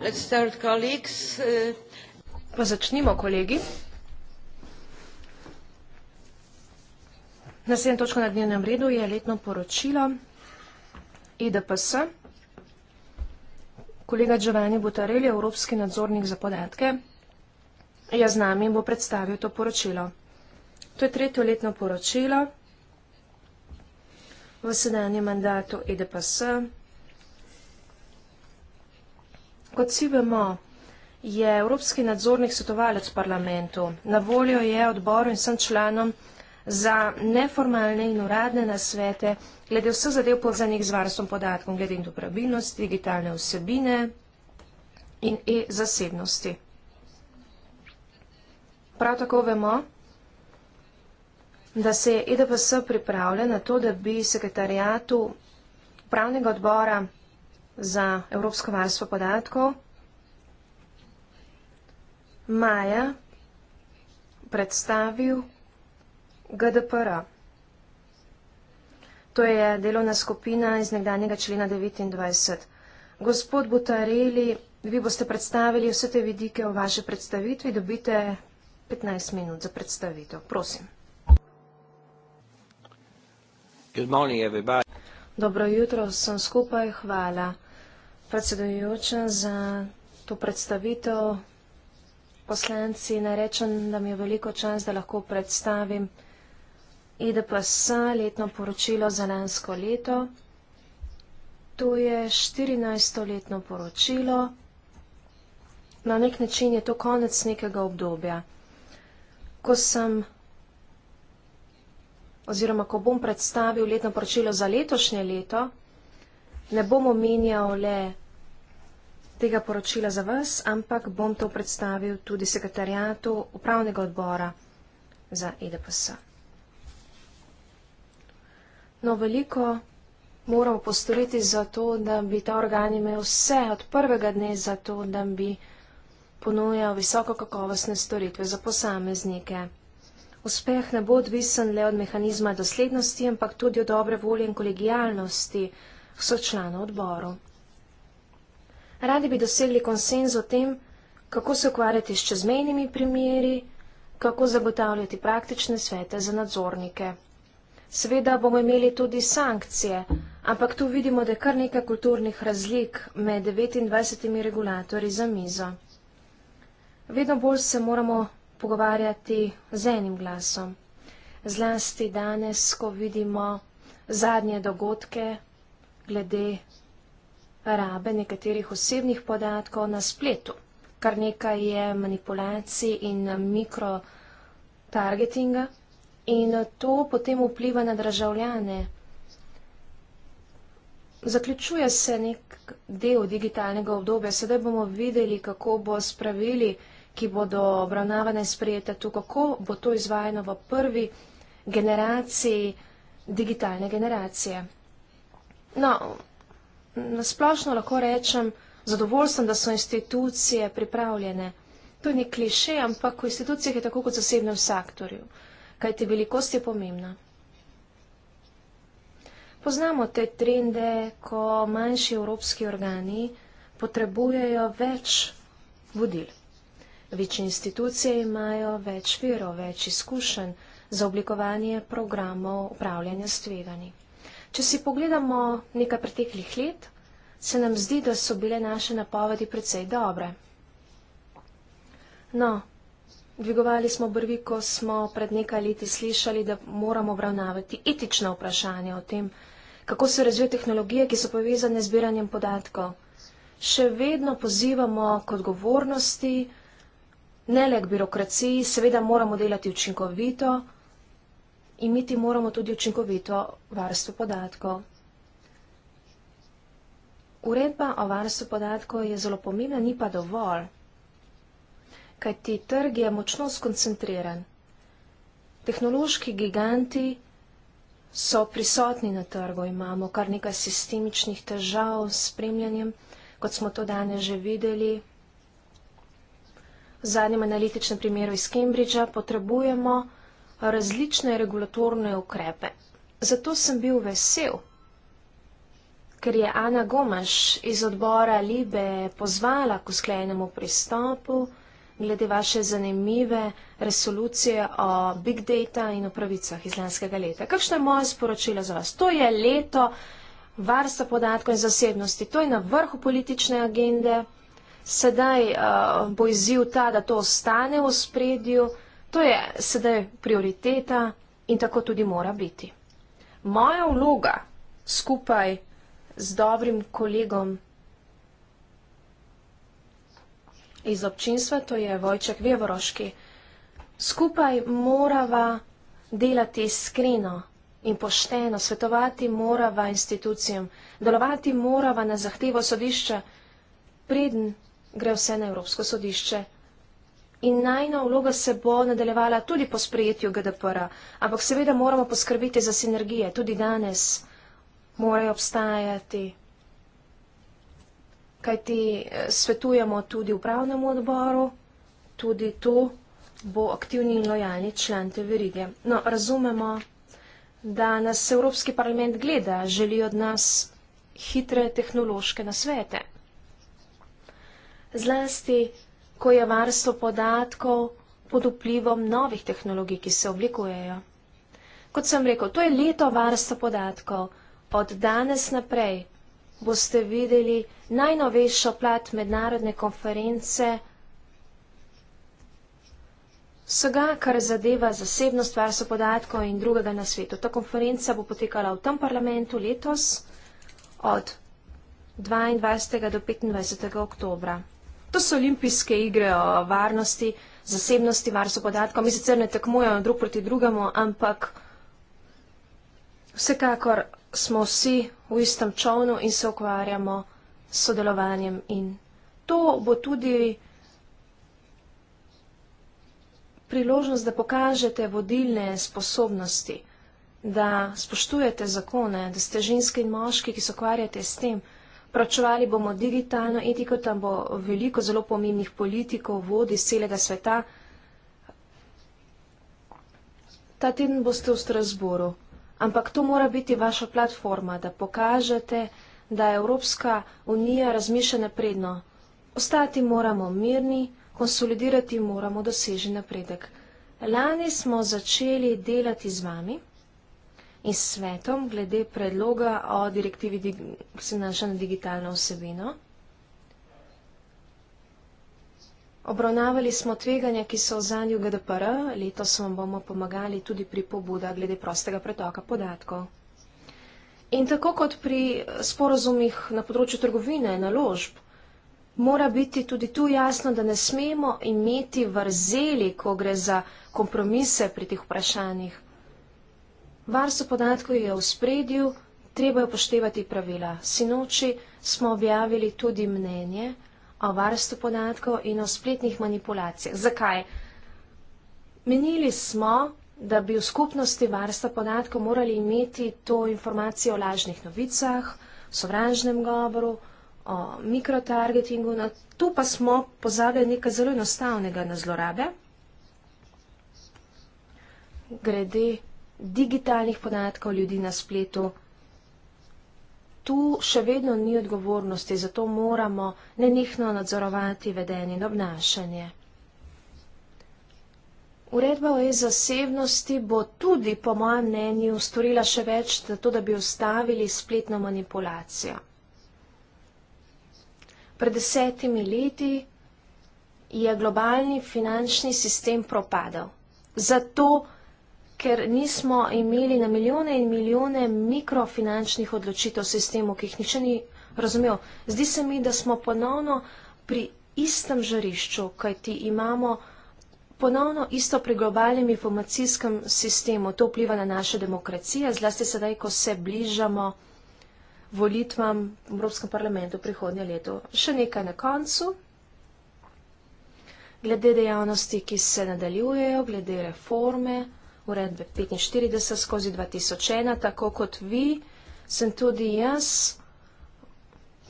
Let's start, colleagues. Pa začnimo, kolegi. Naslednja točka na dnevnem redu je letno poročilo EDPS. Kolega Giovanni Butarelli, Evropski nadzornik za podatke, je z nami in bo predstavil to poročilo. To je tretje letno poročilo v sedanjem mandatu EDPS. Kot vsi vemo, je Evropski nadzornik svetovalec parlamentu. Na voljo je odboru in sem članom za neformalne in uradne nasvete glede vse zadev povzanih z varstvom podatkom, glede dobrabilnosti, digitalne vsebine in e-zasebnosti. Prav tako vemo, da se je EDPS pripravljen na to, da bi sekretarijatu pravnega odbora za Evropsko varstvo podatkov. Maja predstavil GDPR. To je delovna skupina iz nekdanjega člena 29. Gospod Butareli, vi boste predstavili vse te vidike v vaše predstavitvi. Dobite 15 minut za predstavitev. Prosim. Good morning, everybody. Dobro jutro, sem skupaj, hvala predsedujoča, za to predstavitev. Poslanci, naj rečem, da mi je veliko čas, da lahko predstavim IDPS e letno poročilo za lansko leto. To je 14. letno poročilo. Na nek način je to konec nekega obdobja. Ko sem oziroma ko bom predstavil letno poročilo za letošnje leto, ne bom omenjal le tega poročila za vas, ampak bom to predstavil tudi sekretarijatu upravnega odbora za EDPS. No, veliko moramo postoriti za to, da bi ta organ imel vse od prvega dne za to, da bi ponujal visoko kakovostne storitve za posameznike. Uspeh ne bo odvisen le od mehanizma doslednosti, ampak tudi od dobre volje in kolegijalnosti so članov odboru radi bi dosegli konsenz o tem, kako se ukvarjati s čezmejnimi primeri, kako zagotavljati praktične svete za nadzornike. Seveda bomo imeli tudi sankcije, ampak tu vidimo, da je kar nekaj kulturnih razlik med 29 regulatorji za mizo. Vedno bolj se moramo pogovarjati z enim glasom. Zlasti danes, ko vidimo zadnje dogodke glede rabe nekaterih osebnih podatkov na spletu. Kar nekaj je manipulacij in mikrotargetinga in to potem vpliva na državljane. Zaključuje se nek del digitalnega obdobja, sedaj bomo videli, kako bo spravili, ki bodo obravnavane sprejete tu, kako bo to izvajeno v prvi generaciji digitalne generacije. No, nasplošno lahko rečem, zadovolj sem, da so institucije pripravljene. To ni kliše, ampak v institucijah je tako kot zasebno v sektorju, kaj te velikost je pomembna. Poznamo te trende, ko manjši evropski organi potrebujejo več vodil. Več institucije imajo več virov, več izkušenj za oblikovanje programov upravljanja s tveganji. Če si pogledamo nekaj preteklih let, se nam zdi, da so bile naše napovedi precej dobre. No, dvigovali smo brvi, ko smo pred nekaj leti slišali, da moramo obravnavati etična vprašanja o tem, kako se razvijo tehnologije, ki so povezane z zbiranjem podatkov. Še vedno pozivamo k odgovornosti, ne le k birokraciji, seveda moramo delati učinkovito imeti moramo tudi učinkovito varstvo podatkov. Uredba o varstvu podatkov je zelo pomembna, ni pa dovolj, kajti trg je močno skoncentriran. Tehnološki giganti so prisotni na trgu, imamo kar nekaj sistemičnih težav s spremljanjem, kot smo to danes že videli. V zadnjem analitičnem primeru iz Cambridgea potrebujemo različne regulatorne ukrepe. Zato sem bil vesel, ker je Ana Gomaš iz odbora Libe pozvala k usklenemu pristopu glede vaše zanimive resolucije o big data in o pravicah iz lanskega leta. Kakšno je moje sporočilo za vas? To je leto varstva podatkov in zasebnosti, to je na vrhu politične agende. Sedaj uh, bo izziv ta, da to ostane v spredju. To je sedaj prioriteta in tako tudi mora biti. Moja vloga skupaj z dobrim kolegom iz občinstva, to je Vojček Vjevoroški, skupaj morava delati iskreno in pošteno, svetovati morava institucijam, delovati morava na zahtevo sodišča, preden gre vse na Evropsko sodišče in najna vloga se bo nadaljevala tudi po sprejetju GDPR-a. Ampak seveda moramo poskrbiti za sinergije, tudi danes morajo obstajati. Kaj ti eh, svetujemo tudi upravnemu odboru, tudi tu bo aktivni in lojalni člen te verige. No, razumemo, da nas Evropski parlament gleda, želi od nas hitre tehnološke nasvete. Zlasti kako je varstvo podatkov pod vplivom novih tehnologij, ki se oblikujejo. Kot sem rekel, to je leto varstva podatkov. Od danes naprej boste videli najnovejšo plat mednarodne konference vsega, kar zadeva zasebnost varstva podatkov in drugega na svetu. Ta konferenca bo potekala v tem parlamentu letos od 22. do 25. oktobra. To so olimpijske igre o varnosti, zasebnosti, varstvo podatkov. Mi sicer ne tekmujemo drug proti drugemu, ampak vsekakor smo vsi v istem čovnu in se ukvarjamo s sodelovanjem. In to bo tudi priložnost, da pokažete vodilne sposobnosti, da spoštujete zakone, da ste ženske in moški, ki se ukvarjate s tem. Pročevali bomo digitalno etiko, tam bo veliko zelo pomembnih politikov, vodi iz celega sveta. Ta teden boste v Strasboru, ampak to mora biti vaša platforma, da pokažete, da Evropska unija razmišlja napredno. Ostati moramo mirni, konsolidirati moramo doseženi napredek. Lani smo začeli delati z vami in svetom glede predloga o direktivi, ki se nanaša na digitalno vsebino. Obravnavali smo tveganja, ki so v zadnju GDPR, letos vam bomo pomagali tudi pri pobuda glede prostega pretoka podatkov. In tako kot pri sporozumih na področju trgovine, naložb, mora biti tudi tu jasno, da ne smemo imeti vrzeli, ko gre za kompromise pri teh vprašanjih. Varstvo podatkov je v spredju, treba je upoštevati pravila. Sinoči smo objavili tudi mnenje o varstvu podatkov in o spletnih manipulacijah. Zakaj? Menili smo, da bi v skupnosti varstva podatkov morali imeti to informacijo o lažnih novicah, sovražnem govoru, o mikrotargetingu. No, tu pa smo pozabili nekaj zelo enostavnega na zlorabe. Grede digitalnih podatkov ljudi na spletu. Tu še vedno ni odgovornosti, zato moramo nenihno nadzorovati vedenje in obnašanje. Uredba o e-zasebnosti bo tudi, po mojem mnenju, storila še več za to, da bi ustavili spletno manipulacijo. Pred desetimi leti je globalni finančni sistem propadal. Zato ker nismo imeli na milijone in milijone mikrofinančnih odločitev sistemov, ki jih nišče ni razumel. Zdi se mi, da smo ponovno pri istem žarišču, kajti imamo ponovno isto pri globalnem informacijskem sistemu. To vpliva na naše demokracije, zlasti sedaj, ko se bližamo volitvam v Evropskem parlamentu prihodnje leto. Še nekaj na koncu. Glede dejavnosti, ki se nadaljujejo, glede reforme uredbe 45 skozi 2001, tako kot vi, sem tudi jaz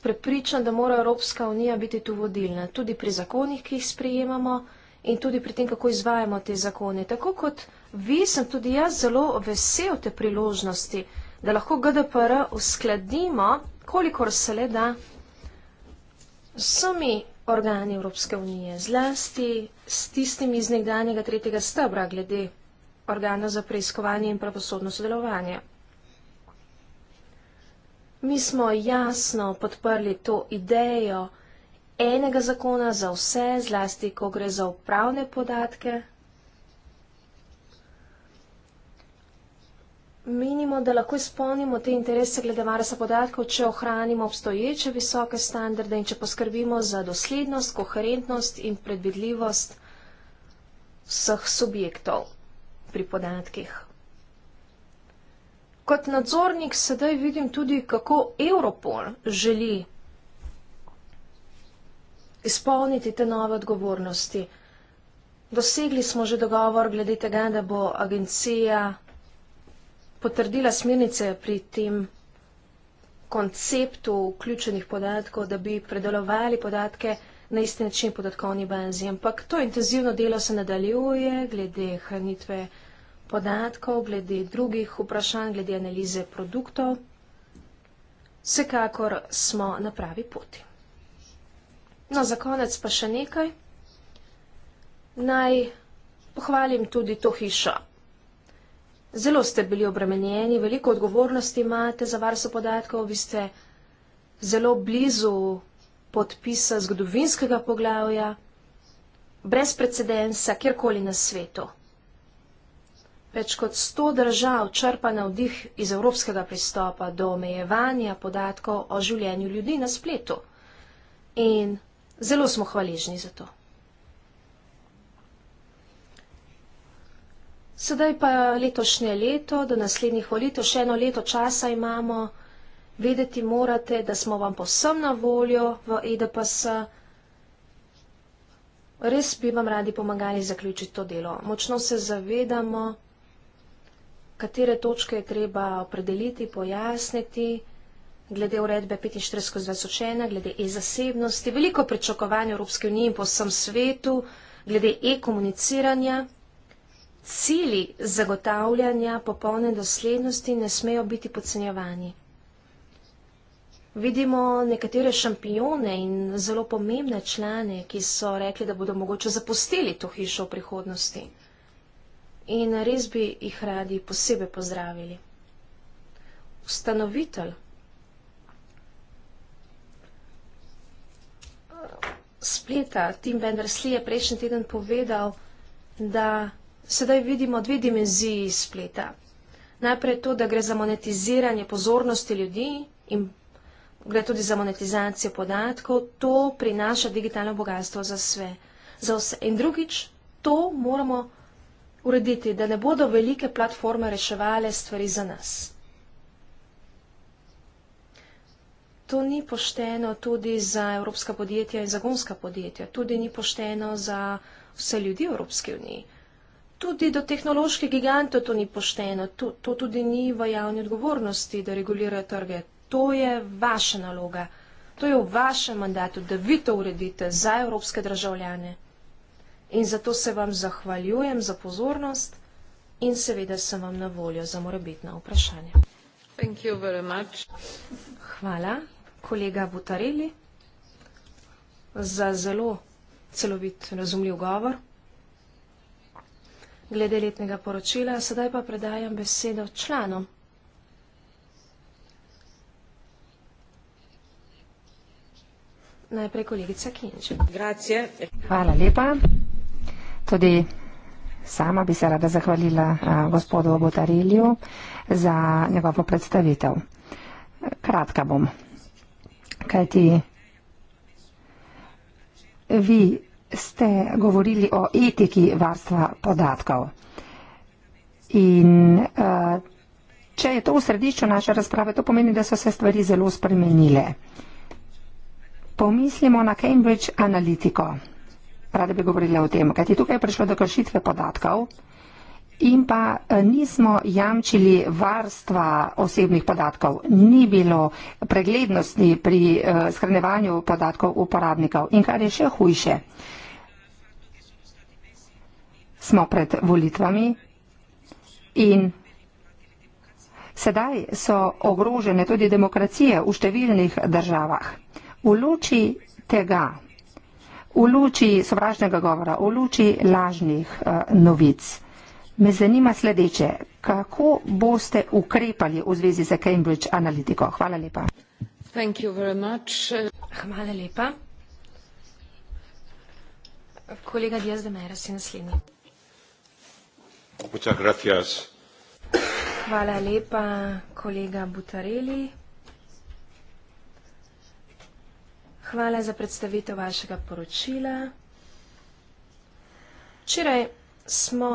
prepričan, da mora Evropska unija biti tu vodilna, tudi pri zakonih, ki jih sprejemamo in tudi pri tem, kako izvajamo te zakone. Tako kot vi, sem tudi jaz zelo vesel te priložnosti, da lahko GDPR uskladimo, kolikor se le da, z vsemi organi Evropske unije, zlasti s tistimi iz nekdanjega tretjega stebra glede organa za preiskovanje in pravosodno sodelovanje. Mi smo jasno podprli to idejo enega zakona za vse, zlasti, ko gre za upravne podatke. Menimo, da lahko izpolnimo te interese glede varstva podatkov, če ohranimo obstoječe visoke standarde in če poskrbimo za doslednost, koherentnost in predvidljivost vseh subjektov pri podatkih. Kot nadzornik sedaj vidim tudi, kako Europol želi izpolniti te nove odgovornosti. Dosegli smo že dogovor glede tega, da bo agencija potrdila smernice pri tem konceptu vključenih podatkov, da bi predelovali podatke na isti način podatkovni banzi. Ampak to intenzivno delo se nadaljuje glede hranitve podatkov podatkov, glede drugih vprašanj, glede analize produktov. Vsekakor smo na pravi poti. No, za konec pa še nekaj. Naj pohvalim tudi to hišo. Zelo ste bili obremenjeni, veliko odgovornosti imate za varstvo podatkov, vi ste zelo blizu podpisa zgodovinskega poglavja, brez precedensa, kjerkoli na svetu. Več kot sto držav črpa na vdih iz evropskega pristopa do omejevanja podatkov o življenju ljudi na spletu. In zelo smo hvaležni za to. Sedaj pa letošnje leto, do naslednjih volitev, še eno leto časa imamo. Vedeti morate, da smo vam posem na voljo v EDPS. Res bi vam radi pomagali zaključiti to delo. Močno se zavedamo, katere točke je treba opredeliti, pojasniti, glede uredbe 45.21, glede e-zasebnosti, veliko prečakovanje Evropske unije in po vsem svetu, glede e-komuniciranja, cili zagotavljanja popolne doslednosti ne smejo biti podcenjevani. Vidimo nekatere šampione in zelo pomembne člane, ki so rekli, da bodo mogoče zapustili to hišo v prihodnosti in res bi jih radi posebej pozdravili. Ustanovitelj spleta Tim Benderslij je prejšnji teden povedal, da sedaj vidimo dve dimenziji spleta. Najprej to, da gre za monetiziranje pozornosti ljudi in gre tudi za monetizacijo podatkov, to prinaša digitalno bogatstvo za vse. Za vse. In drugič, to moramo urediti, da ne bodo velike platforme reševali stvari za nas. To ni pošteno tudi za evropska podjetja in zagonska podjetja, tudi ni pošteno za vse ljudi v Evropski uniji. Tudi do tehnoloških gigantov to ni pošteno, to, to tudi ni v javni odgovornosti, da regulirajo trge. To je vaša naloga, to je v vašem mandatu, da vi to uredite za evropske državljane. In zato se vam zahvaljujem za pozornost in seveda sem vam na voljo za morebitna vprašanja. Thank you very much. Hvala, kolega Butareli, za zelo celovit razumljiv govor. Glede letnega poročila, sedaj pa predajam besedo članom. Najprej kolegica Kinč. Hvala lepa. Tudi sama bi se rada zahvalila gospodu Obotarilju za njegovo predstavitev. Kratka bom. Kaj ti vi ste govorili o etiki varstva podatkov. In uh, če je to v središču naše razprave, to pomeni, da so se stvari zelo spremenile. Pomislimo na Cambridge Analytico rada bi govorila o tem, kajti tukaj je prišlo do kršitve podatkov in pa eh, nismo jamčili varstva osebnih podatkov, ni bilo preglednosti pri eh, shranjevanju podatkov uporabnikov in kar je še hujše. Smo pred volitvami in sedaj so ogrožene tudi demokracije v številnih državah. V luči tega v luči sovražnega govora, v luči lažnih uh, novic. Me zanima sledeče, kako boste ukrepali v zvezi z Cambridge Analytico? Hvala lepa. Hvala lepa. Kolega Diaz de Mera, si naslednji. Hvala lepa, kolega Butareli. hvala za predstavitev vašega poročila. Včeraj smo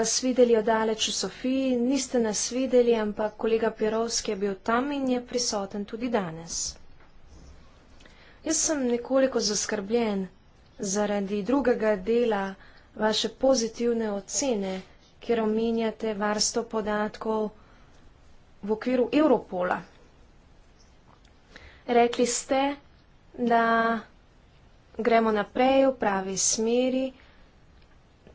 vas videli odaleč v Sofiji, niste nas videli, ampak kolega Pirovski je bil tam in je prisoten tudi danes. Jaz sem nekoliko zaskrbljen zaradi drugega dela vaše pozitivne ocene, kjer omenjate varstvo podatkov v okviru Evropola. Rekli ste, da gremo naprej v pravi smeri.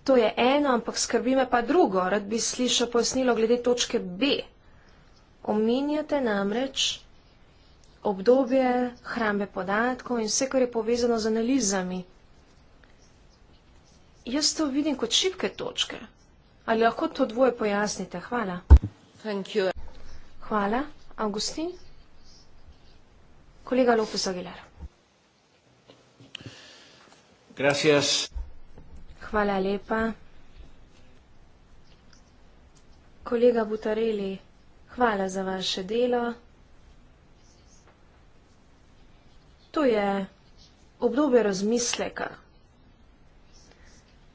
To je eno, ampak skrbi me pa drugo. Rad bi slišal pojasnilo glede točke B. Omenjate namreč obdobje hrambe podatkov in vse, kar je povezano z analizami. Jaz to vidim kot šibke točke. Ali lahko to dvoje pojasnite? Hvala. Hvala. Augustin? Kolega Lopez Aguilar. Gracias. Hvala lepa. Kolega Butareli, hvala za vaše delo. To je obdobje razmisleka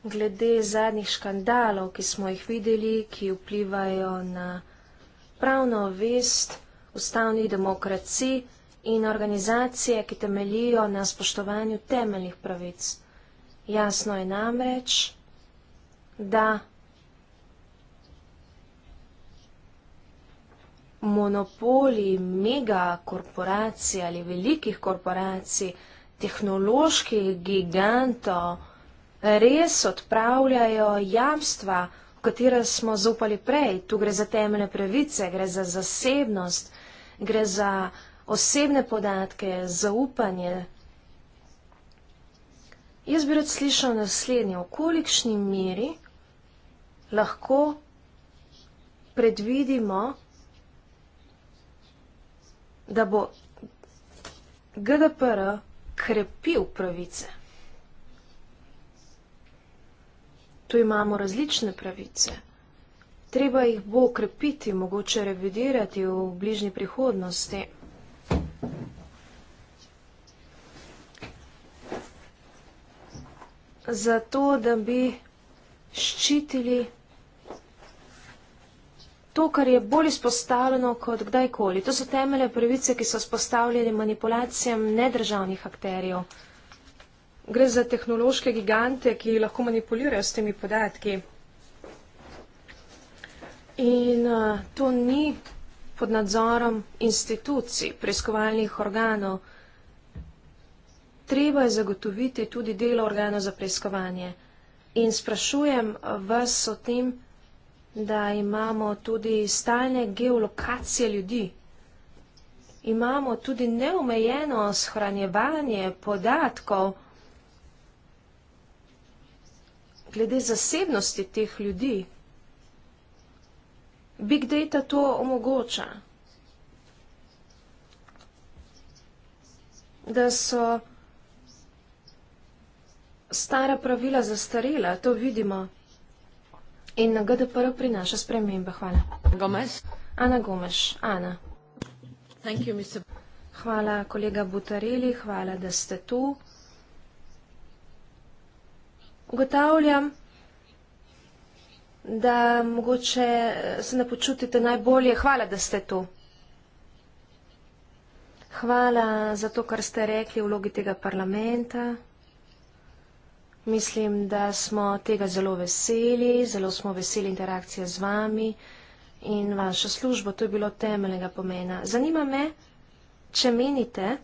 glede zadnjih škandalov, ki smo jih videli, ki vplivajo na pravno vest ustavnih demokracij in organizacije, ki temelijo na spoštovanju temeljnih pravic. Jasno je namreč, da monopoli megakorporacij ali velikih korporacij, tehnoloških gigantov, res odpravljajo jamstva, v katera smo zaupali prej. Tu gre za temeljne pravice, gre za zasebnost, gre za osebne podatke, zaupanje. Jaz bi rad slišal naslednje, v kolikšni meri lahko predvidimo, da bo GDPR krepil pravice. tu imamo različne pravice. Treba jih bo krepiti, mogoče revidirati v bližnji prihodnosti. Zato, da bi ščitili to, kar je bolj izpostavljeno kot kdajkoli. To so temelje pravice, ki so spostavljene manipulacijam nedržavnih akterjev. Gre za tehnološke gigante, ki lahko manipulirajo s temi podatki. In uh, to ni pod nadzorom institucij, preiskovalnih organov. Treba je zagotoviti tudi delo organa za preiskovanje. In sprašujem vas o tem, da imamo tudi stalne geolokacije ljudi. Imamo tudi neomejeno shranjevanje podatkov, glede zasebnosti teh ljudi. Big data to omogoča. Da so stara pravila zastarela, to vidimo. In na GDPR prinaša spremembe. Hvala. Gomez. Ana Gomeš. Ana. Thank you, Hvala, kolega Butareli. Hvala, da ste tu ugotavljam, da mogoče eh, se ne počutite najbolje. Hvala, da ste tu. Hvala za to, kar ste rekli v vlogi tega parlamenta. Mislim, da smo tega zelo veseli, zelo smo veseli interakcije z vami in vašo službo. To je bilo temeljnega pomena. Zanima me, če menite,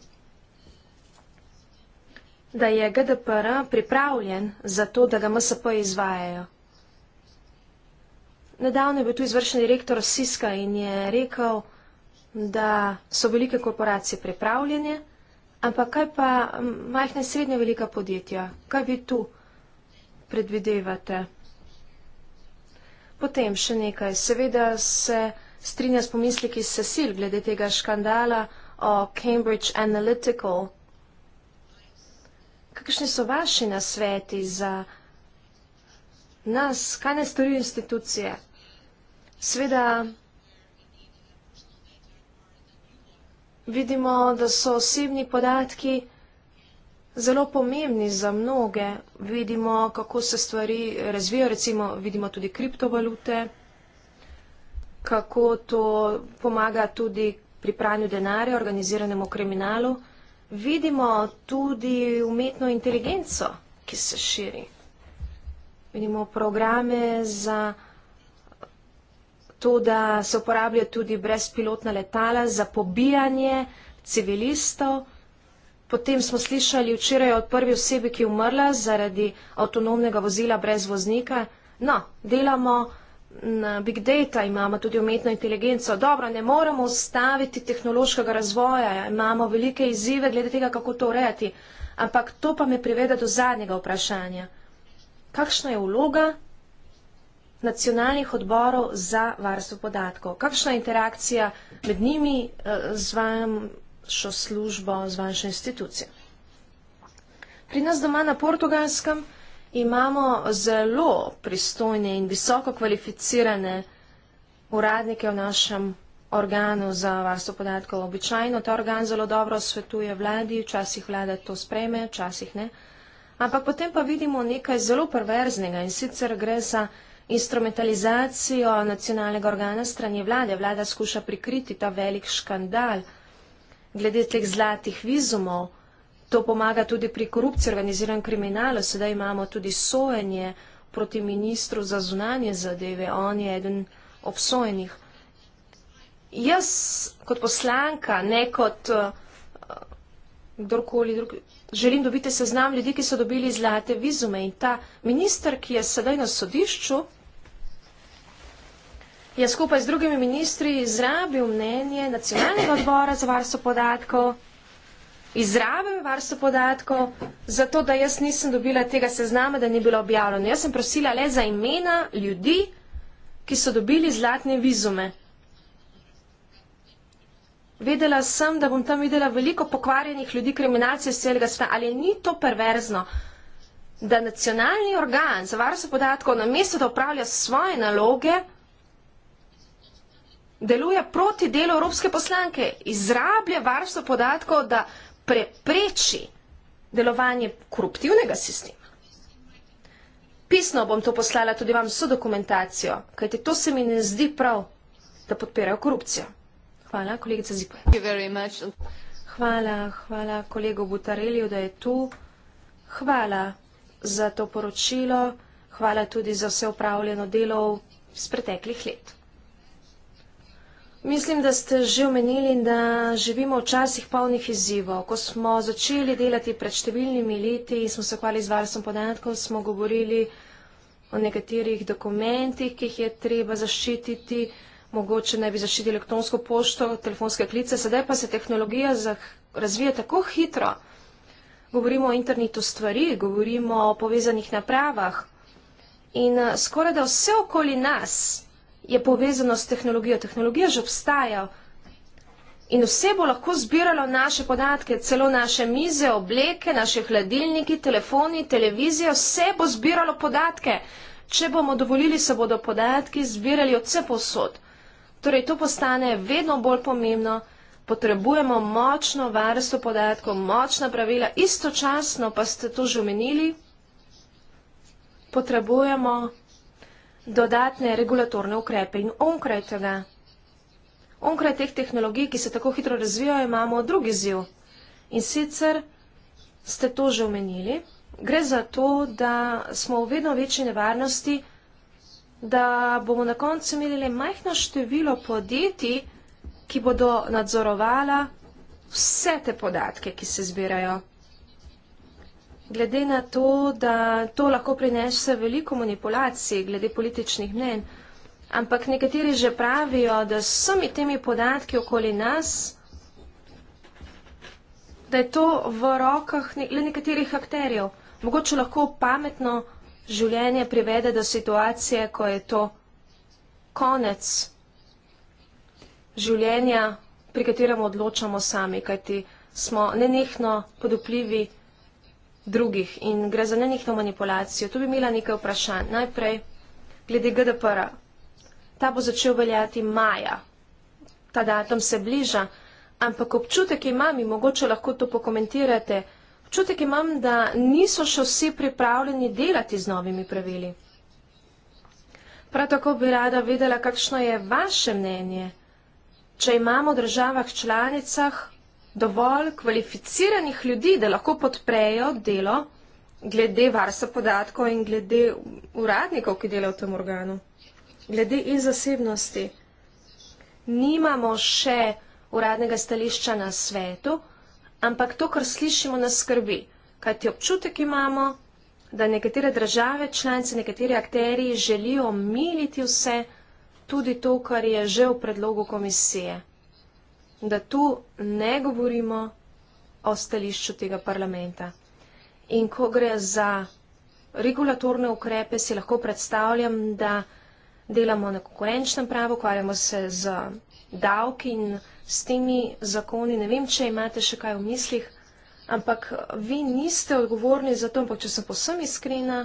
da je GDPR pripravljen za to, da ga MSP izvajajo. Nedavno je bil tu izvršen direktor Siska in je rekel, da so velike korporacije pripravljene, ampak kaj pa majhne srednje velika podjetja? Kaj vi tu predvidevate? Potem še nekaj. Seveda se strinja s pomisliki Cecil glede tega škandala o Cambridge Analytical. Kakšni so vaši nasveti za nas, kaj ne storijo institucije? Sveda vidimo, da so osebni podatki zelo pomembni za mnoge. Vidimo, kako se stvari razvijo, recimo vidimo tudi kriptovalute, kako to pomaga tudi pri pranju denarja, organiziranemu kriminalu vidimo tudi umetno inteligenco, ki se širi. Vidimo programe za to, da se uporablja tudi brezpilotna letala za pobijanje civilistov. Potem smo slišali včeraj od prvi osebi, ki je umrla zaradi avtonomnega vozila brez voznika. No, delamo na big data, imamo tudi umetno inteligenco. Dobro, ne moremo ustaviti tehnološkega razvoja, imamo velike izzive glede tega, kako to urejati. Ampak to pa me privede do zadnjega vprašanja. Kakšna je vloga nacionalnih odborov za varstvo podatkov? Kakšna je interakcija med njimi eh, z vašo službo, z vašo institucijo? Pri nas doma na portugalskem imamo zelo pristojne in visoko kvalificirane uradnike v našem organu za varstvo podatkov. Običajno ta organ zelo dobro svetuje vladi, včasih vlada to sprejme, včasih ne. Ampak potem pa vidimo nekaj zelo perverznega in sicer gre za instrumentalizacijo nacionalnega organa strani vlade. Vlada skuša prikriti ta velik škandal glede teh zlatih vizumov. To pomaga tudi pri korupciji, organiziran kriminal. Sedaj imamo tudi sojenje proti ministru za zunanje zadeve. On je eden obsojenih. Jaz kot poslanka, ne kot uh, kdorkoli drug, želim dobiti seznam ljudi, ki so dobili zlate vizume. In ta minister, ki je sedaj na sodišču, je skupaj z drugimi ministri izrabil mnenje nacionalnega odbora za varstvo podatkov izraven varstvo podatkov, zato da jaz nisem dobila tega seznama, da ni bilo objavljeno. Jaz sem prosila le za imena ljudi, ki so dobili zlatne vizume. Vedela sem, da bom tam videla veliko pokvarjenih ljudi, kriminalce iz celega sveta, ali ni to perverzno, da nacionalni organ za varstvo podatkov na mesto, da upravlja svoje naloge, deluje proti delu evropske poslanke, izrablja varstvo podatkov, da prepreči delovanje koruptivnega sistema. Pisno bom to poslala tudi vam vso dokumentacijo, kajte to se mi ne zdi prav, da podpirajo korupcijo. Hvala, kolegica Zipoje. Hvala, hvala kolego Butareliju, da je tu. Hvala za to poročilo. Hvala tudi za vse upravljeno delov z preteklih let. Mislim, da ste že omenili, da živimo v časih polnih izzivov. Ko smo začeli delati pred številnimi leti in smo se hvali z varstvom podatkov, smo govorili o nekaterih dokumentih, ki jih je treba zaščititi. Mogoče naj bi zaščitili elektronsko pošto, telefonske klice, sedaj pa se tehnologija razvija tako hitro. Govorimo o internetu stvari, govorimo o povezanih napravah in eh, skoraj da vse okoli nas je povezano s tehnologijo. Tehnologija že obstaja in vse bo lahko zbiralo naše podatke, celo naše mize, obleke, naše hladilniki, telefoni, televizijo, vse bo zbiralo podatke. Če bomo dovolili, se bodo podatki zbirali od vse posod. Torej, to postane vedno bolj pomembno. Potrebujemo močno varstvo podatkov, močna pravila, istočasno pa ste to že omenili. Potrebujemo dodatne regulatorne ukrepe in onkraj tega. Onkraj teh tehnologij, ki se tako hitro razvijajo, imamo drugi ziv. In sicer ste to že omenili, gre za to, da smo v vedno večji nevarnosti, da bomo na koncu imeli le majhno število podjetij, ki bodo nadzorovala vse te podatke, ki se zbirajo. Glede na to, da to lahko prinese veliko manipulacij glede političnih mnen, ampak nekateri že pravijo, da s vsemi temi podatki okoli nas, da je to v rokah le nekaterih akterjev. Mogoče lahko pametno življenje privede do situacije, ko je to konec življenja, pri katerem odločamo sami, kajti smo nenehno podoplivi drugih in gre za nenehno manipulacijo. Tu bi imela nekaj vprašanj. Najprej glede GDPR-a. Ta bo začel veljati maja. Ta datum se bliža, ampak občutek imam in mogoče lahko to pokomentirate. Občutek imam, da niso še vsi pripravljeni delati z novimi pravili. Prav tako bi rada vedela, kakšno je vaše mnenje, če imamo v državah članicah dovolj kvalificiranih ljudi, da lahko podprejo delo glede varstva podatkov in glede uradnikov, ki delajo v tem organu, glede in zasebnosti. Nimamo še uradnega stališča na svetu, ampak to, kar slišimo, nas skrbi. Kaj ti občutek imamo, da nekatere države, članice, nekateri akteri želijo omiliti vse, tudi to, kar je že v predlogu komisije da tu ne govorimo o stališču tega parlamenta. In ko gre za regulatorne ukrepe, si lahko predstavljam, da delamo na konkurenčnem pravu, ukvarjamo se z davki in s temi zakoni. Ne vem, če imate še kaj v mislih, ampak vi niste odgovorni za to, ampak če sem posem iskrena,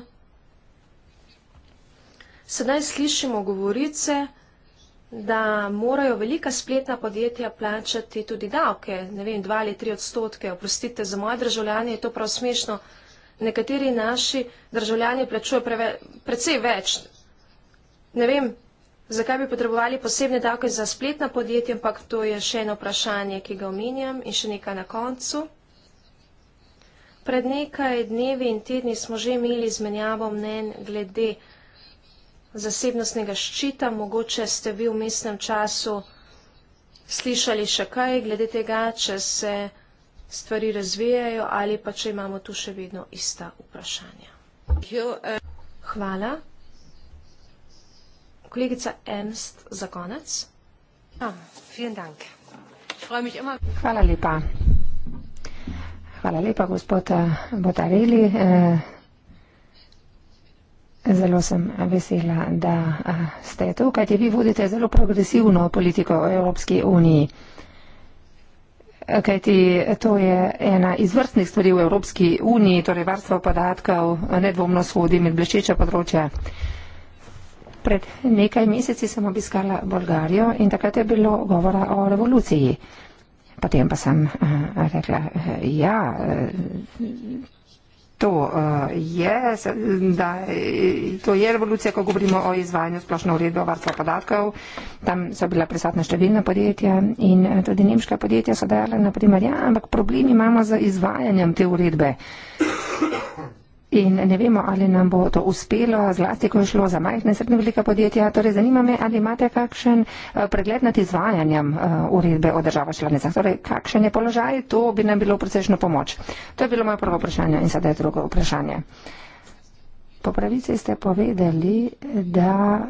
sedaj slišimo govorice, da morajo velika spletna podjetja plačati tudi davke, ne vem, dva ali tri odstotke. Oprostite, za moje državljanje je to prav smešno. Nekateri naši državljani plačujejo precej več. Ne vem, zakaj bi potrebovali posebne davke za spletna podjetja, ampak to je še eno vprašanje, ki ga omenjam in še nekaj na koncu. Pred nekaj dnevi in tedni smo že imeli izmenjavo mnen glede zasebnostnega ščita. Mogoče ste vi v mestnem času slišali še kaj glede tega, če se stvari razvijajo ali pa če imamo tu še vedno ista vprašanja. Hvala. Kolegica Ernst za konec. Ja, Hvala lepa. Hvala lepa, gospod eh, Botareli. Eh, Zelo sem vesela, da ste tu, kajti vi vodite zelo progresivno politiko v Evropski uniji. Kajti to je ena izvrstnih stvari v Evropski uniji, torej varstvo podatkov nedvomno shodi med blešeča področja. Pred nekaj meseci sem obiskala Bolgarijo in takrat je bilo govora o revoluciji. Potem pa sem rekla, ja. To, uh, je, da, eh, to je revolucija, ko govorimo o izvajanju splošne uredbe o varstvu podatkov. Tam so bila prisotna številna podjetja in eh, tudi nemška podjetja so dajala, naprimer, ja, ampak problem imamo z izvajanjem te uredbe. In ne vemo, ali nam bo to uspelo, zlasti, ko je šlo za majhne srednje velika podjetja. Torej, zanima me, ali imate kakšen eh, pregled nad izvajanjem eh, uredbe o državah članicah. Torej, kakšen je položaj, to bi nam bilo precejšno pomoč. To je bilo moje prvo vprašanje in sedaj drugo vprašanje. Po pravici ste povedali, da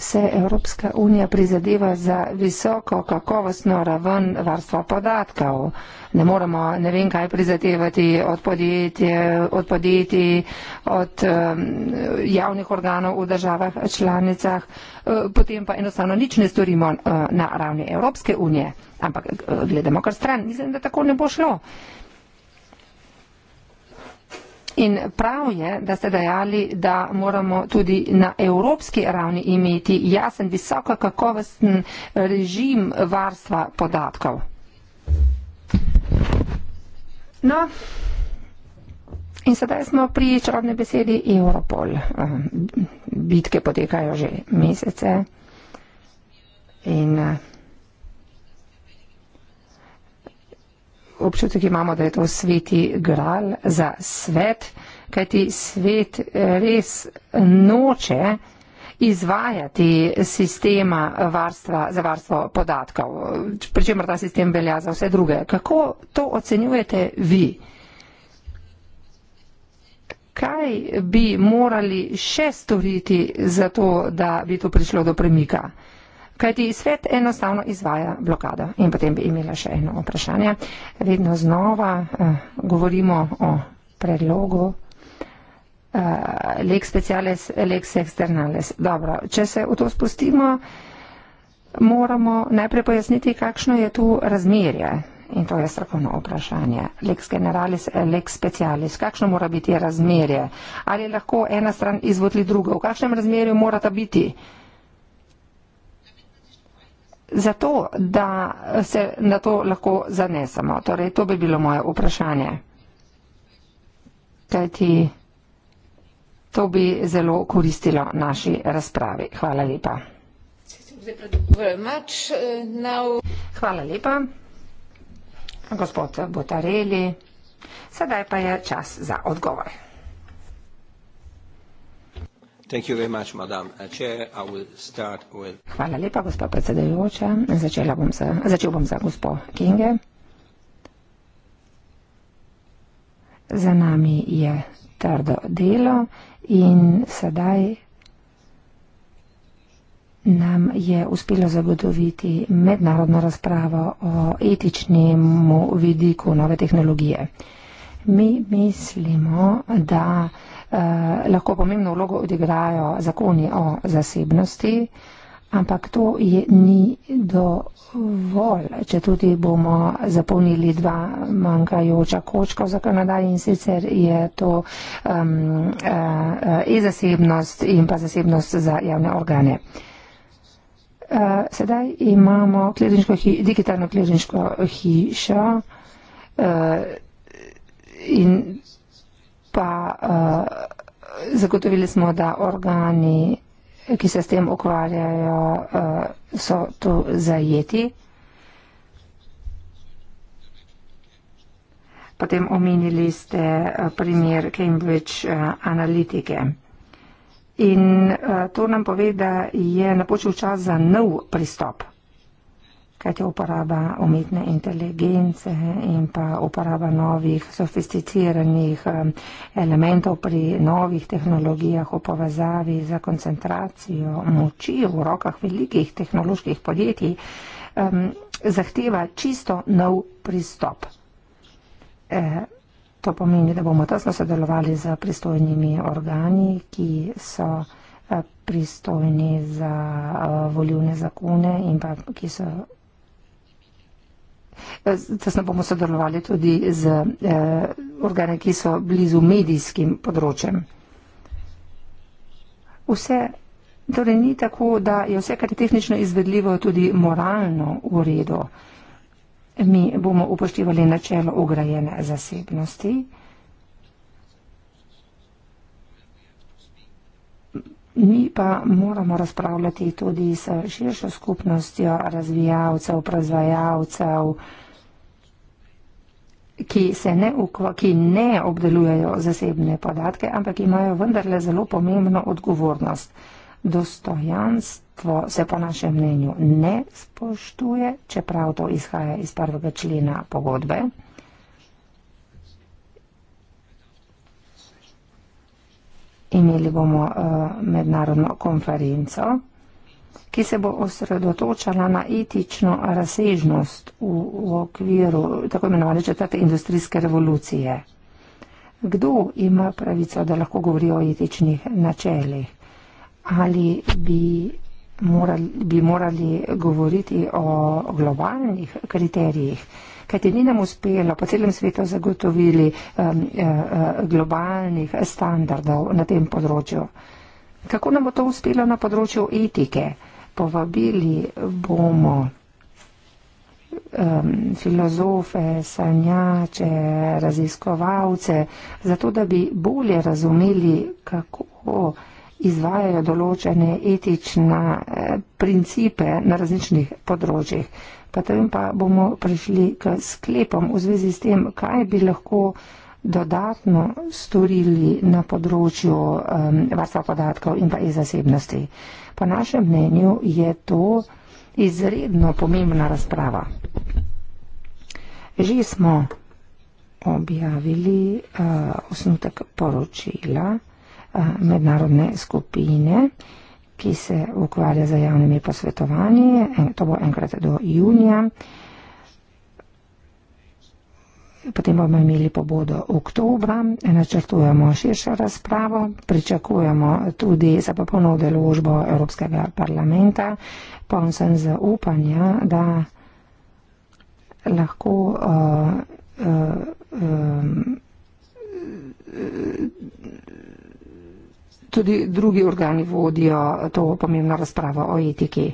se Evropska unija prizadeva za visoko kakovostno raven varstva podatkov. Ne moramo ne vem kaj prizadevati od podjetij, od, podjetij, od um, javnih organov v državah članicah, uh, potem pa enostavno nič ne storimo uh, na ravni Evropske unije. Ampak uh, gledamo kar stran, mislim, da tako ne bo šlo. Uh, In prav je, da ste dejali, da moramo tudi na evropski ravni imeti jasen, visoko kakovosten režim varstva podatkov. No, in sedaj smo pri čarobni besedi Europol. Eh, bitke potekajo že mesece. občutek imamo, da je to sveti gral za svet, kajti svet eh, res noče izvajati sistema varstva, za varstvo podatkov, pričemer ta sistem velja za vse druge. Kako to ocenjujete vi? Kaj bi morali še storiti za to, da bi to prišlo do premika? Kajti svet enostavno izvaja blokado. In potem bi imela še eno vprašanje. Vedno znova eh, govorimo o predlogu eh, lex specialis, lex externalis. Dobro, če se v to spustimo, moramo najprej pojasniti, kakšno je tu razmerje. In to je strokovno vprašanje. Lex generalis, eh, lex specialis. Kakšno mora biti razmerje? Ali lahko ena stran izvodli drugo? V kakšnem razmerju morata biti? Uh, zato, da se na to lahko zanesemo. Torej, to bi bilo moje vprašanje. Kajti to bi zelo koristilo naši razpravi. Hvala lepa. Hvala lepa, gospod Botareli. Sedaj pa je čas za odgovor. Hvala lepa, gospa predsedajoča. Začela bom za, začel bom za gospo Kinge. Za nami je trdo delo in sedaj nam je uspelo zagotoviti mednarodno razpravo o etičnemu vidiku nove tehnologije. Mi mislimo, da Eh, lahko pomembno vlogo odigrajo zakoni o zasebnosti, ampak to je, ni dovolj, če tudi bomo zapolnili dva manjkajoča kočka v zakonodaji in sicer je to um, uh, e-zasebnost in pa zasebnost za javne organe. Eh, sedaj imamo klirinško hi, digitalno klirinško hišo in pa uh, zagotovili smo, da organi, ki se s tem ukvarjajo, uh, so tu zajeti. Potem omenili ste eh, primer Cambridge analitike. In to nam pove, da je napočil čas za nov pristop kaj je uporaba umetne inteligence in pa uporaba novih sofisticiranih um, elementov pri novih tehnologijah v povezavi za koncentracijo moči v rokah velikih tehnoloških podjetij, um, zahteva čisto nov pristop. E, to pomeni, da bomo tesno sodelovali z pristojnimi organi, ki so eh, pristojni za uh, eh, volivne zakone in pa ki so tesno bomo sodelovali tudi z eh, organi, ki so blizu medijskim področjem. Vse, torej ni tako, da je vse, kar je tehnično izvedljivo, tudi moralno v redu. Mi bomo upoštevali načelo ograjene zasebnosti. Mi pa moramo razpravljati tudi s širšo skupnostjo razvijalcev, proizvajalcev, ki, ne, ki ne obdelujejo zasebne podatke, ampak imajo vendarle zelo pomembno odgovornost. Dostojanstvo se po našem mnenju ne spoštuje, čeprav to izhaja iz prvega člena pogodbe. imeli bomo eh, mednarodno konferenco, ki se bo osredotočala na etično razsežnost v okviru tako imenovane četrte industrijske revolucije. Kdo ima pravico, da lahko govori o etičnih načelih? Ali bi morali, bi morali govoriti o globalnih kriterijih? kajti ni nam uspelo po celem svetu zagotovili um, eh, eh, globalnih standardov na tem področju. Kako nam bo to uspelo na področju etike? Povabili bomo um, filozofe, sanjače, raziskovalce, zato da bi bolje razumeli, kako izvajajo določene etične eh, principe na različnih področjih. Potem pa bomo prišli k sklepom v zvezi s tem, kaj bi lahko dodatno storili na področju um, varstva podatkov in pa iz zasebnosti. Po našem mnenju je to izredno pomembna razprava. Že smo objavili uh, osnutek poročila uh, mednarodne skupine. Uh, ki se ukvarja z javnimi posvetovanji. En, to bo enkrat do junija. Potem bomo imeli pobodo oktobra, načrtujemo širšo razpravo, pričakujemo tudi za popolno deložbo Evropskega parlamenta. Poln sem zaupanja, da lahko uh, uh, uh, tudi drugi organi vodijo to pomembno razpravo o etiki.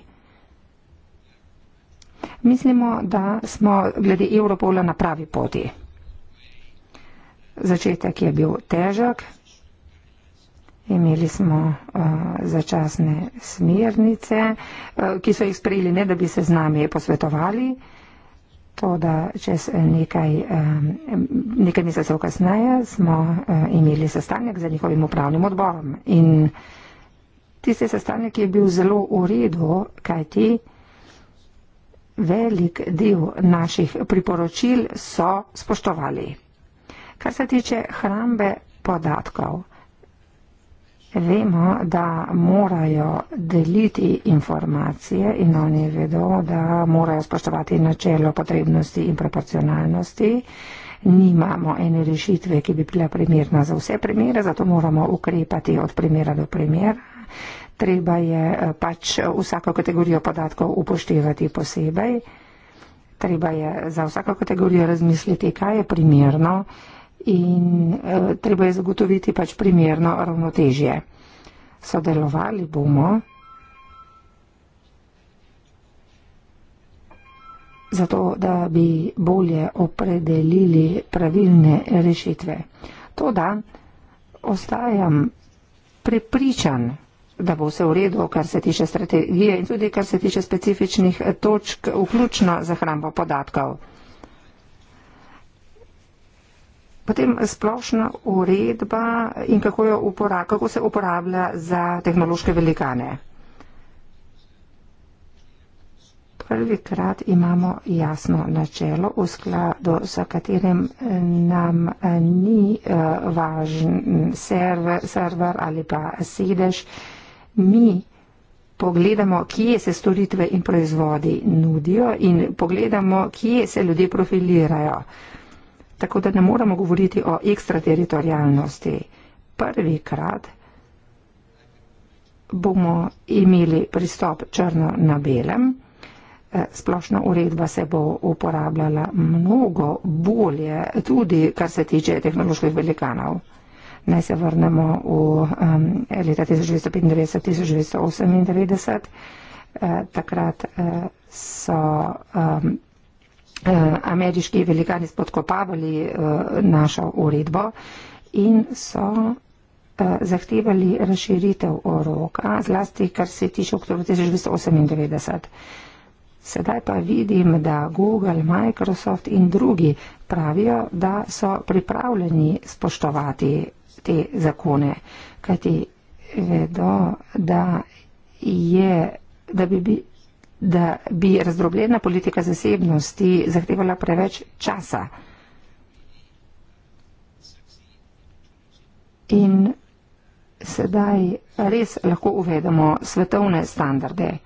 Mislimo, da smo glede Evropola na pravi poti. Začetek je bil težak. Imeli smo uh, začasne smernice, uh, ki so jih sprejeli, ne da bi se z nami posvetovali. Uh, To, da čez eh, nekaj, eh, nekaj mesecev kasneje smo eh, imeli sestanek z njihovim upravnim odborom. In tisti sestanek je bil zelo v redu, kajti velik del naših priporočil so spoštovali. Kar se tiče hrambe podatkov, vemo, da morajo deliti informacije in oni vedo, da morajo spoštovati načelo potrebnosti in proporcionalnosti. Nimamo ene rešitve, ki bi bila primerna za vse primere, zato moramo ukrepati od primera do primera. Treba je eh, pač eh, vsako kategorijo podatkov upoštevati posebej. Treba je za vsako kategorijo razmisliti, kaj je primerno in uh, treba je zagotoviti pač primerno ravnotežje. Sodelovali bomo zato, da bi bolje opredelili pravilne rešitve. To, da ostajam prepričan, da bo vse v redu, kar se tiče strategije in tudi kar se tiče specifičnih točk, vključno za hrambo podatkov. Potem splošna uredba in kako, uporab, kako se uporablja za tehnološke velikane. Prvi krat imamo jasno načelo, v skladu s katerim nam eh, ni eh, važen server, server ali pa sedež. Mi pogledamo, kje se storitve in proizvodi nudijo in pogledamo, kje se ljudje profilirajo tako da ne moramo govoriti o ekstrateritorijalnosti. Prvi krat bomo imeli pristop črno na belem. Eh, splošna uredba se bo uporabljala mnogo bolje, tudi kar se tiče tehnoloških velikanov. Naj se vrnemo v um, leta 1995-1998. Eh, takrat eh, so um, Eh, ameriški velikani spodkopavali eh, našo uredbo in so eh, zahtevali razširitev oroka, zlasti kar se tiče oktober 1998. Sedaj pa vidim, da Google, Microsoft in drugi pravijo, da so pripravljeni spoštovati te zakone, kajti vedo, da, je, da bi bili da bi razdrobljena politika zasebnosti zahtevala preveč časa. In sedaj res lahko uvedemo svetovne standarde.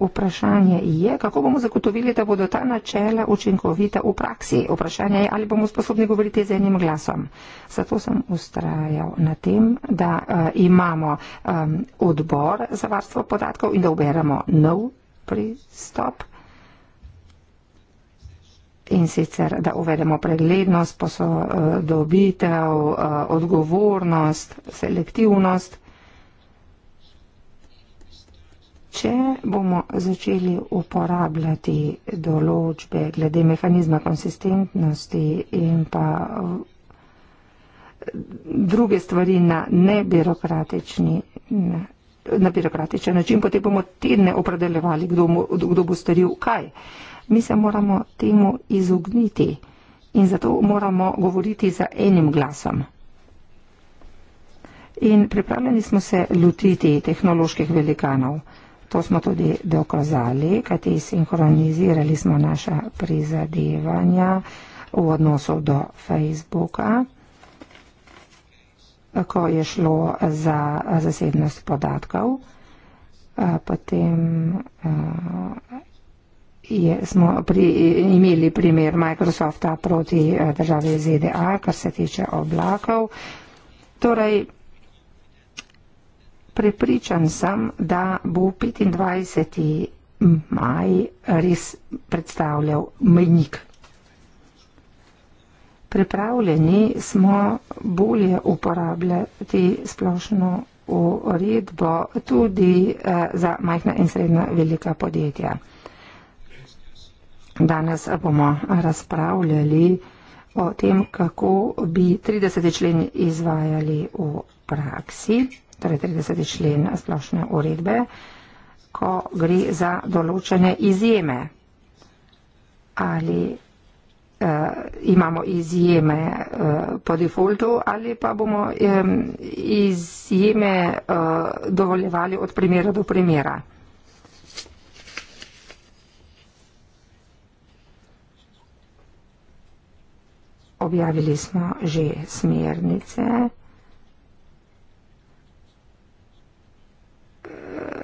Vprašanje je, kako bomo zagotovili, da bodo ta načela učinkovita v praksi. Vprašanje je, ali bomo sposobni govoriti z enim glasom. Zato sem ustrajal na tem, da uh, imamo um, odbor za varstvo podatkov in da uberemo nov pristop. In sicer, da uvedemo preglednost, posodobitev, uh, odgovornost, selektivnost. Če bomo začeli uporabljati določbe glede mehanizma konsistentnosti in pa druge stvari na, na birokratičen način, potem bomo tedne opredeljevali, kdo, kdo bo storil kaj. Mi se moramo temu izogniti in zato moramo govoriti za enim glasom. In pripravljeni smo se lotiti tehnoloških velikanov. To smo tudi dokazali, kajti sinhronizirali smo naša prizadevanja v odnosu do Facebooka, ko je šlo za zasebnost podatkov. Potem je, smo pri, imeli primer Microsofta proti državi ZDA, kar se tiče oblakov. Torej, prepričan sem, da bo 25. maj res predstavljal mejnik. Pripravljeni smo bolje uporabljati splošno uredbo tudi eh, za majhna in srednja velika podjetja. Danes bomo razpravljali o tem, kako bi 30. člen izvajali v praksi torej 30. člen splošne uredbe, ko gre za določene izjeme. Ali eh, imamo izjeme eh, po defaultu ali pa bomo eh, izjeme eh, dovoljevali od primera do primera. Objavili smo že smernice.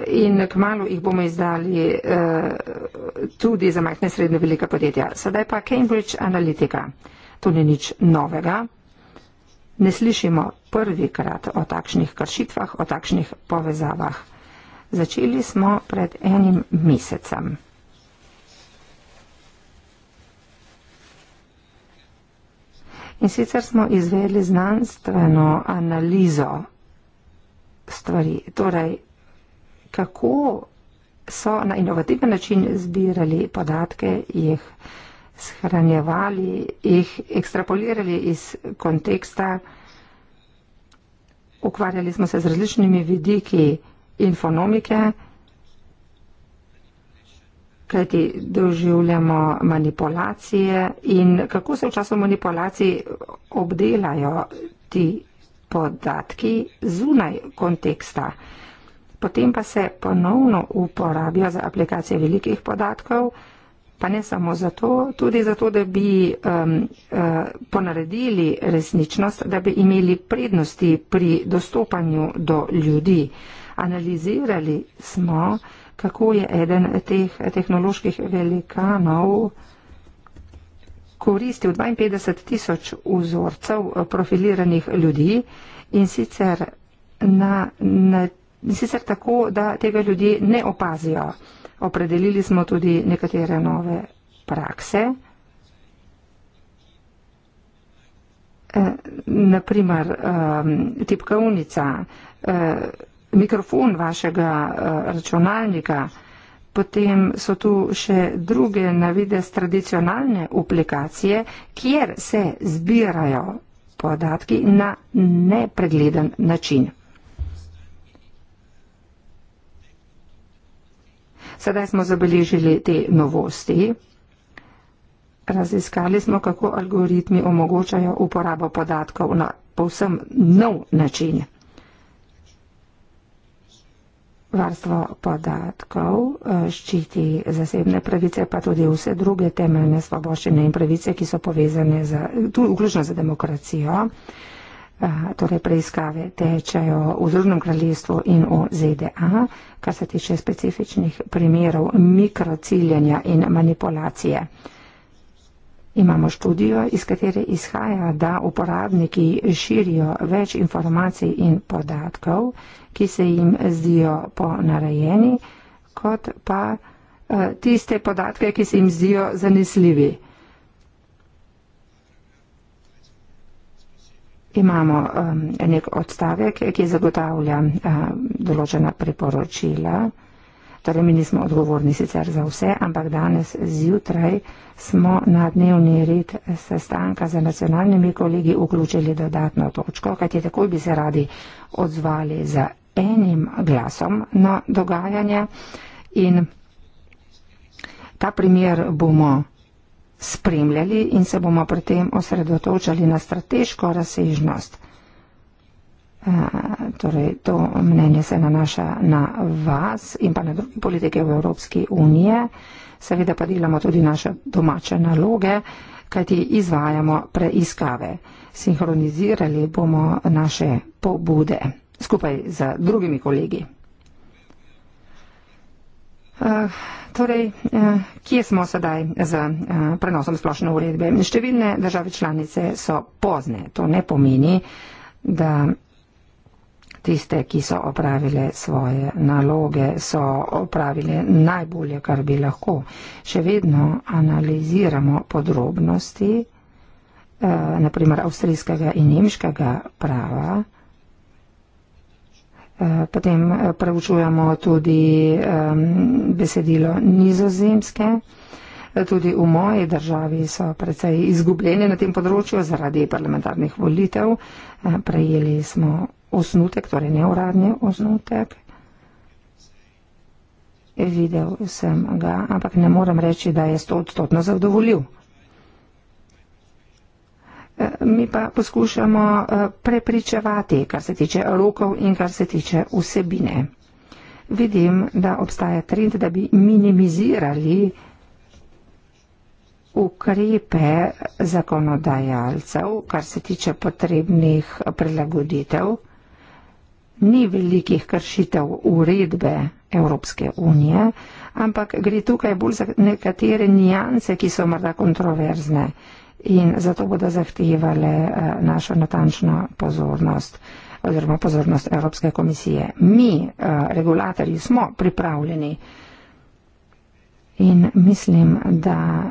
in kmalo jih bomo izdali uh, tudi za majhne srednje velike podjetja. Sedaj pa Cambridge Analytica. To ni nič novega. Ne slišimo prvikrat o takšnih kršitvah, o takšnih povezavah. Začeli smo pred enim mesecem. In sicer smo izvedli znanstveno analizo stvari. Torej, kako so na inovativen način zbirali podatke, jih shranjevali, jih ekstrapolirali iz konteksta. Ukvarjali smo se z različnimi vidiki infonomike, kajti doživljamo manipulacije in kako se v času manipulacij obdelajo ti podatki zunaj konteksta potem pa se ponovno uporablja za aplikacije velikih podatkov, pa ne samo zato, tudi zato, da bi um, uh, ponaredili resničnost, da bi imeli prednosti pri dostopanju do ljudi. Analizirali smo, kako je eden teh tehnoloških velikanov koristil 52 tisoč vzorcev profiliranih ljudi in sicer na način, In sicer tako, da tega ljudje ne opazijo. Opredelili smo tudi nekatere nove prakse. E, naprimer, e, tipkovnica, e, mikrofon vašega e, računalnika, potem so tu še druge navides tradicionalne aplikacije, kjer se zbirajo podatki na nepregleden način. Sedaj smo zabeležili te novosti. Raziskali smo, kako algoritmi omogočajo uporabo podatkov na povsem nov način. Varstvo podatkov eh, ščiti zasebne pravice, pa tudi vse druge temeljne svoboščine in pravice, ki so povezane, vključno za demokracijo torej preiskave tečejo v Združenem kraljestvu in v ZDA, kar se tiče specifičnih primerov mikrociljenja in manipulacije. Imamo študijo, iz katere izhaja, da uporabniki širijo več informacij in podatkov, ki se jim zdijo ponarejeni, kot pa eh, tiste podatke, ki se jim zdijo zanesljivi. imamo um, nek odstavek, ki zagotavlja um, določena priporočila. Torej, mi nismo odgovorni sicer za vse, ampak danes zjutraj smo na dnevni red sestanka za nacionalnimi kolegi vključili dodatno točko, kajti takoj bi se radi odzvali z enim glasom na dogajanje. In ta primer bomo spremljali in se bomo pri tem osredotočali na strateško razsežnost. Uh, torej, to mnenje se nanaša na vas in pa na druge politike v Evropski uniji. Seveda pa delamo tudi naše domače naloge, kajti izvajamo preiskave. Sinhronizirali bomo naše pobude skupaj z drugimi kolegi. Eh, torej, eh, kje smo sedaj z eh, prenosom splošne uredbe? Številne države članice so pozne. To ne pomeni, da tiste, ki so opravile svoje naloge, so opravile najbolje, kar bi lahko. Še vedno analiziramo podrobnosti, naprimer avstrijskega in nemškega prava. Eh, potem eh, preučujemo tudi besedilo nizozemske. Eh, tudi v moji državi so precej izgubljeni na tem področju zaradi parlamentarnih volitev. Prejeli smo osnutek, torej neuradni osnutek. Videl sem ga, ampak ne morem reči, da je stotno zadovoljiv. Eh, mi pa poskušamo eh, prepričevati, kar se tiče rokov in kar se tiče vsebine. Vidim, da obstaja trend, da bi minimizirali ukrepe zakonodajalcev, kar se tiče potrebnih prilagoditev. Ni velikih kršitev uredbe Evropske unije, ampak gre tukaj bolj za nekatere nijanse, ki so morda kontroverzne in zato bodo zahtevali eh, našo natančno pozornost oziroma pozornost Evropske komisije. Mi, eh, regulatorji, smo pripravljeni in mislim, da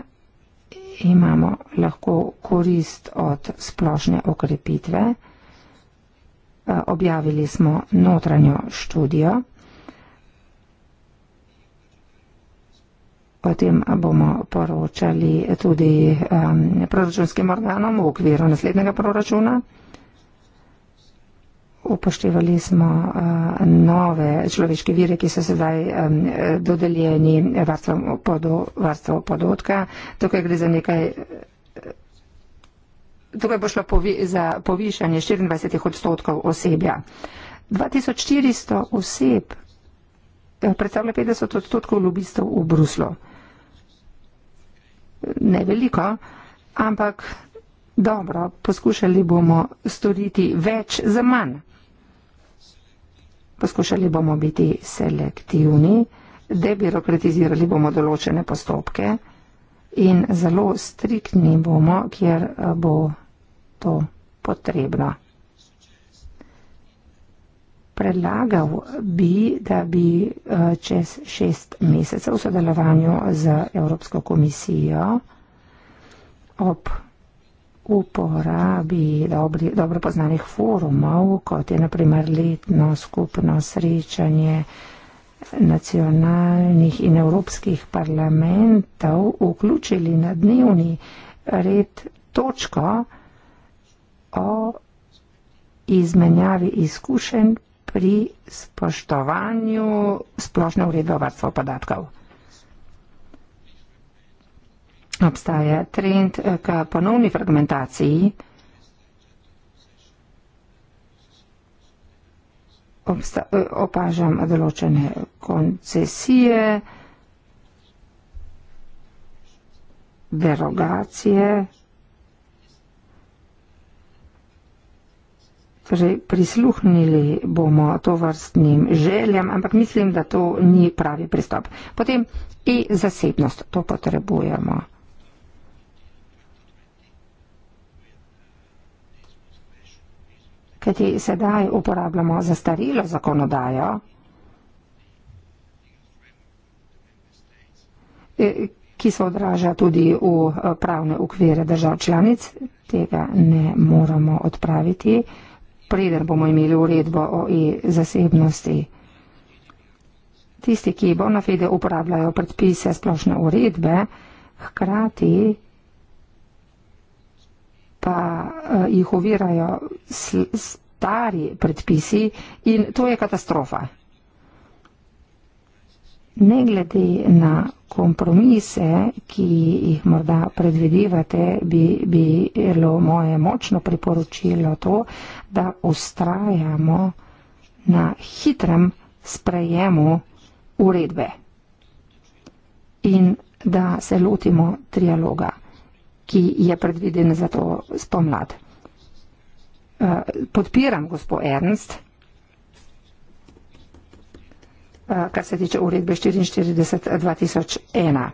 imamo lahko korist od splošne okrepitve. Eh, objavili smo notranjo študijo. potem bomo poročali tudi um, proračunskim organom v okviru naslednjega proračuna. Upoštevali smo uh, nove človeške vire, ki so sedaj um, dodeljeni varstvo, podo, varstvo podotka. Tukaj gre za nekaj. Uh, tukaj bo šlo povi, za povišanje 24 odstotkov osebja. 2400 oseb eh, predstavlja 50 odstotkov lobistov v Bruslu ne veliko, ampak dobro, poskušali bomo storiti več za manj. Poskušali bomo biti selektivni, debirokratizirali bomo določene postopke in zelo striktni bomo, kjer eh, bo to potrebno predlagal bi, da bi eh, čez šest mesecev v sodelovanju z Evropsko komisijo ob uporabi dobri, dobro poznanih forumov, kot je naprimer letno skupno srečanje nacionalnih in evropskih parlamentov, vključili na dnevni red točko o izmenjavi izkušenj pri spoštovanju splošne uredbe o varstvu podatkov. Obstaja trend k ponovni fragmentaciji. Obsta opažam določene koncesije, derogacije. Torej, prisluhnili bomo to vrstnim željam, ampak mislim, da to ni pravi pristop. Potem i zasebnost, to potrebujemo. Kajti sedaj uporabljamo zastarilo zakonodajo, e, ki se odraža tudi v eh, pravne ukvire držav članic, tega ne moramo odpraviti preden bomo imeli uredbo o e-zasebnosti. Tisti, ki bona fide uporabljajo predpise splošne uredbe, hkrati pa eh, jih ovirajo stari predpisi in to je katastrofa ne glede na kompromise, ki jih morda predvidevate, bi bilo moje močno priporočilo to, da ustrajamo na hitrem sprejemu uredbe in da se lotimo trialoga, ki je predviden za to spomlad. Eh, podpiram gospod Ernst, Eh, kar se tiče uredbe 44-2001.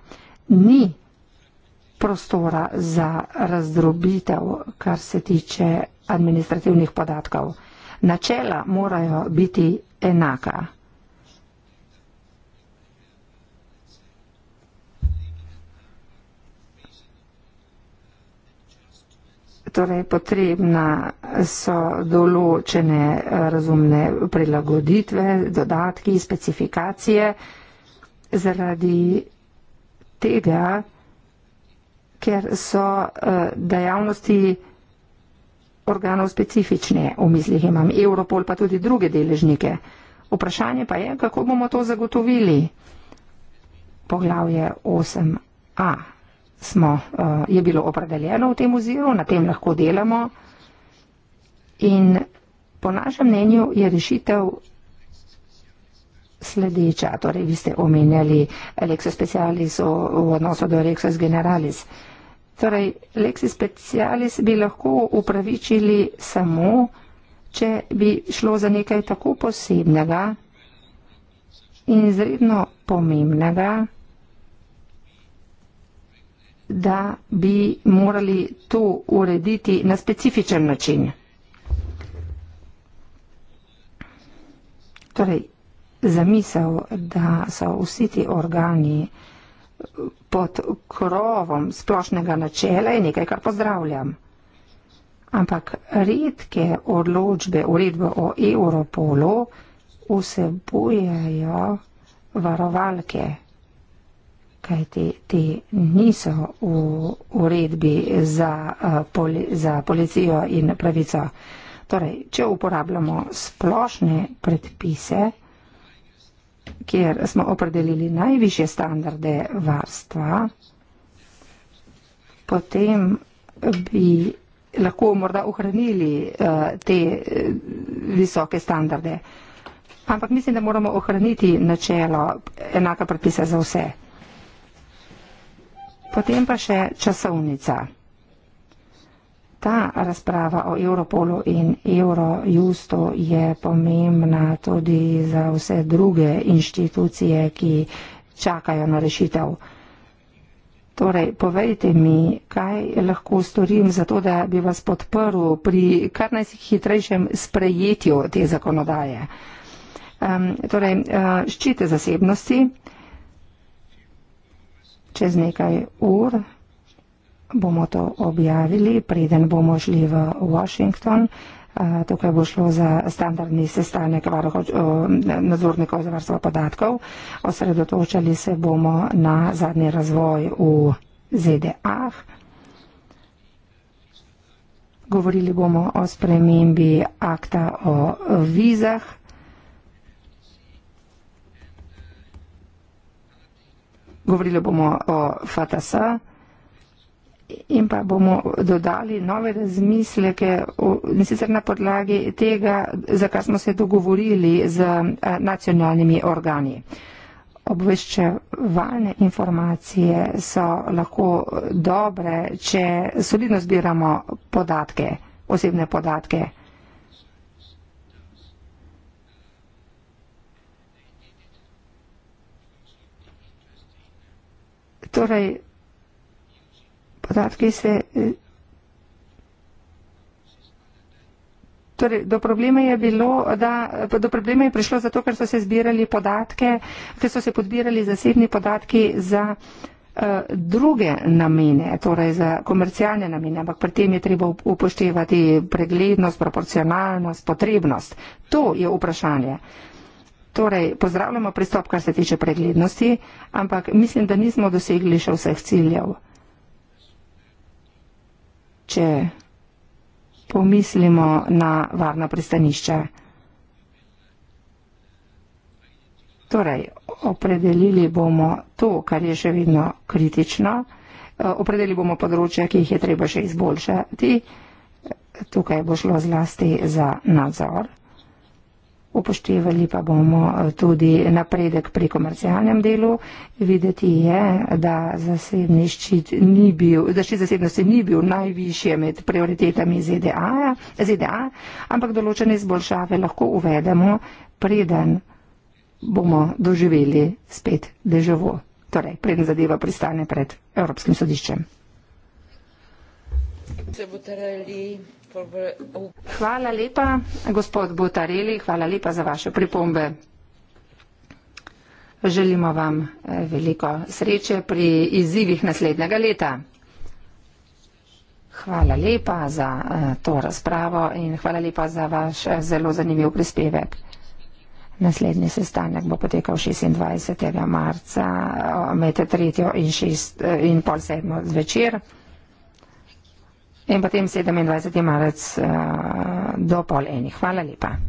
Ni prostora za razdrobitev, kar se tiče administrativnih podatkov. Načela morajo biti enaka. torej potrebna so določene eh, razumne prilagoditve, dodatki, specifikacije zaradi tega, ker so eh, dejavnosti organov specifične. V mislih imam Europol pa tudi druge deležnike. Vprašanje pa je, kako bomo to zagotovili. Poglavje 8a smo, uh, je bilo opredeljeno v tem oziru, na tem lahko delamo. In po našem mnenju je rešitev sledeča. Torej, vi ste omenjali Lexus Specialis v, v odnosu do Lexus Generalis. Torej, Lexus Specialis bi lahko upravičili samo, če bi šlo za nekaj tako posebnega in izredno pomembnega, da bi morali to urediti na specifičen način. Torej, zamisel, da so vsi ti organi pod krovom splošnega načela je nekaj, kar pozdravljam. Ampak redke odločbe, uredbe o Europolu vsebujejo varovalke, kaj ti, ti niso v uredbi za, eh, za policijo in pravico. Torej, če uporabljamo splošne predpise, kjer smo opredelili najviše standarde varstva, potem bi lahko morda ohranili uh, te eh, visoke standarde. Ampak mislim, da moramo ohraniti načelo enaka predpisa za vse. Potem pa še časovnica. Ta razprava o Europolu in Eurojustu je pomembna tudi za vse druge inštitucije, ki čakajo na rešitev. Torej, povejte mi, kaj lahko storim za to, da bi vas podprl pri kar najhitrejšem sprejetju te zakonodaje. Um, torej, eh, ščite zasebnosti čez nekaj ur bomo to objavili, preden bomo šli v Washington. Tukaj bo šlo za standardni sestanek nadzornikov za varstvo podatkov. Osredotočali se bomo na zadnji razvoj v ZDA. A-h. Govorili bomo o spremembi akta o vizah. govorili bomo o Fatasa in pa bomo dodali nove razmisleke, ne sicer na podlagi tega, za kar smo se dogovorili z eh, nacionalnimi organi. Obveščevalne informacije so lahko dobre, če solidno zbiramo podatke, osebne podatke. torej podatki se. Eh, torej, do problema je bilo, da do problema je prišlo zato, ker so se zbirali podatke, ker so se podbirali zasebni podatki za eh, druge namene, torej za komercialne namene, ampak pri tem je treba upoštevati preglednost, proporcionalnost, potrebnost. To je vprašanje. Torej, pozdravljamo pristop, kar se tiče preglednosti, ampak mislim, da nismo dosegli še vseh ciljev. Če pomislimo na varna pristanišča. Torej, opredelili bomo to, kar je še vedno kritično, eh, opredelili bomo področja, ki jih je treba še izboljšati. Tukaj bo šlo zlasti za nadzor. Upoštevali pa bomo eh, tudi napredek pri komercialnem delu. Videti je, da zasebni ščit ni bil, da ščit zasebnosti ni bil najvišje med prioritetami ZDA, ZDA, ampak določene izboljšave lahko uvedemo, preden bomo doživeli spet deževo. Torej, preden zadeva pristane pred Evropskim sodiščem. Se bo trajali Hvala lepa, gospod Butareli, hvala lepa za vaše pripombe. Želimo vam eh, veliko sreče pri izzivih naslednjega leta. Hvala lepa za eh, to razpravo in hvala lepa za vaš eh, zelo zanimiv prispevek. Naslednji sestanek bo potekal 26. marca med 3. in 6. in pol 7. zvečer in potem 27. marec uh, do pol enih. Hvala lepa.